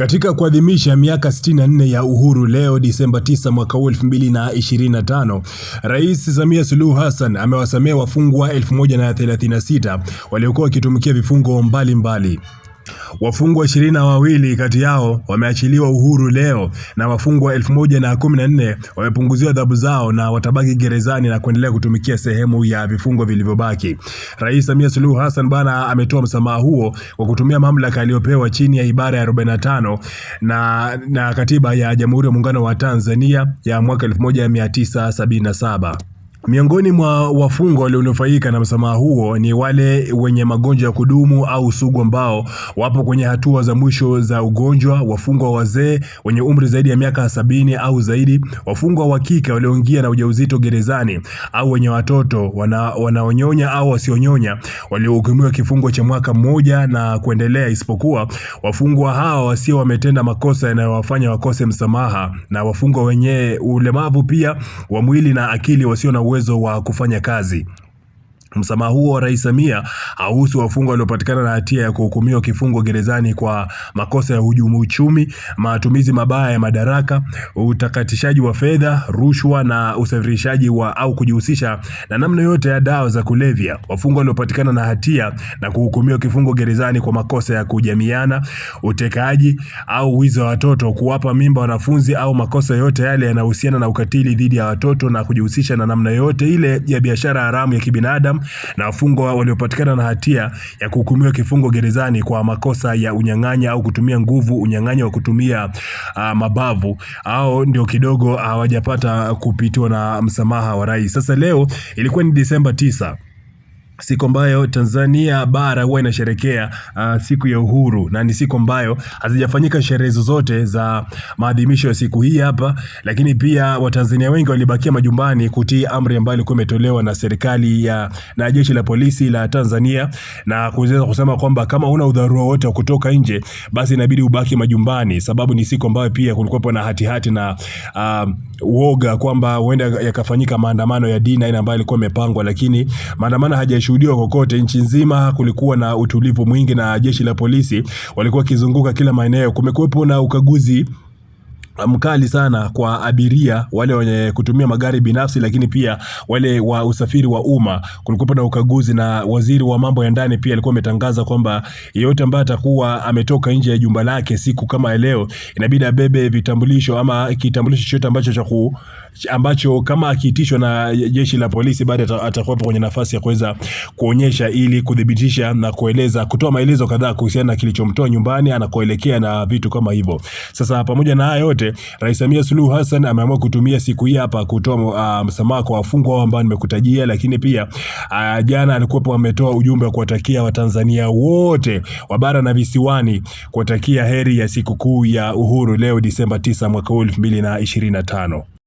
Katika kuadhimisha miaka 64 ya uhuru leo Disemba 9 mwaka 2025, Rais Samia Suluhu Hassan amewasamea wafungwa 1136 waliokuwa wakitumikia vifungo mbalimbali mbali. Wafungwa ishirini na wawili kati yao wameachiliwa uhuru leo na wafungwa elfu moja na kumi na nne wamepunguziwa adhabu zao na watabaki gerezani na kuendelea kutumikia sehemu ya vifungo vilivyobaki. Rais Samia Suluhu Hassan bana ametoa msamaha huo kwa kutumia mamlaka aliyopewa chini ya ibara ya 45 na, na katiba ya Jamhuri ya Muungano wa Tanzania ya mwaka 1977. Miongoni mwa wafungwa walionufaika na msamaha huo ni wale wenye magonjwa ya kudumu au sugu ambao wapo kwenye hatua za mwisho za ugonjwa, wafungwa wazee wenye umri zaidi ya miaka sabini au zaidi, wafungwa wa kike walioingia na ujauzito gerezani au wenye watoto wana, wanaonyonya au wasionyonya waliohukumiwa kifungo cha mwaka mmoja na kuendelea, isipokuwa wafungwa hawa wasio wametenda makosa yanayowafanya wakose msamaha na wafungwa wenye ulemavu pia wa mwili na akili wasio na uwezo wa kufanya kazi. Msamaha huo wa Rais Samia hauhusu wafungwa waliopatikana na hatia ya kuhukumiwa kifungo gerezani kwa makosa ya hujumu uchumi, matumizi mabaya ya madaraka, utakatishaji wa fedha, rushwa na usafirishaji wa au kujihusisha na namna yote ya dawa za kulevya. Wafungwa waliopatikana na hatia na kuhukumiwa kifungo gerezani kwa makosa ya kujamiana, utekaji au wizi wa watoto, kuwapa mimba wanafunzi au makosa yote yale yanayohusiana na ukatili dhidi ya watoto na kujihusisha na namna yote ile ya biashara haramu ya kibinadamu na wafungwa waliopatikana na hatia ya kuhukumiwa kifungo gerezani kwa makosa ya unyang'anya au kutumia nguvu, unyang'anya wa kutumia uh, mabavu au ndio kidogo hawajapata uh, na msamaha wa rais. Sasa leo ilikuwa ni Disemba tisa siku ambayo Tanzania bara huwa inasherekea uh, siku ya uhuru na ni siku ambayo hazijafanyika sherehe zozote za maadhimisho ya siku hii hapa, lakini pia Watanzania wengi walibakia majumbani kutii amri ambayo ilikuwa imetolewa na serikali ya na jeshi la polisi la Tanzania, na kuweza kusema kwamba kama una udharura wote wa kutoka nje, basi inabidi ubaki majumbani, sababu ni siku ambayo pia kulikuwa na hatihati na uh, uoga kwamba huenda yakafanyika maandamano ya dini aina ambayo ilikuwa imepangwa, lakini maandamano haja kushuhudiwa kokote. Nchi nzima kulikuwa na utulivu mwingi na jeshi la polisi walikuwa wakizunguka kila maeneo. Kumekuwepo na ukaguzi mkali sana kwa abiria wale wenye kutumia magari binafsi, lakini pia wale wa usafiri wa umma. Kulikuwa na ukaguzi, na waziri wa mambo ya ndani pia alikuwa ametangaza kwamba yeyote ambaye atakuwa ametoka nje ya jumba lake siku kama leo inabidi abebe vitambulisho ama kitambulisho chochote ambacho cha ambacho kama akiitishwa na jeshi la polisi, baada atakuwa kwenye nafasi ya kuweza kuonyesha ili kudhibitisha na kueleza, kutoa maelezo kadhaa kuhusiana na kilichomtoa nyumbani anakoelekea na vitu kama hivyo. Sasa pamoja na hayo yote, Rais Samia Suluhu Hassan ameamua kutumia siku hii hapa kutoa um, msamaha kwa wafungwa ambao nimekutajia, lakini pia uh, jana alikuwepo ametoa ujumbe wa kuwatakia Watanzania wote wa bara na visiwani kuwatakia heri ya sikukuu ya uhuru leo Disemba 9 mwaka 2025.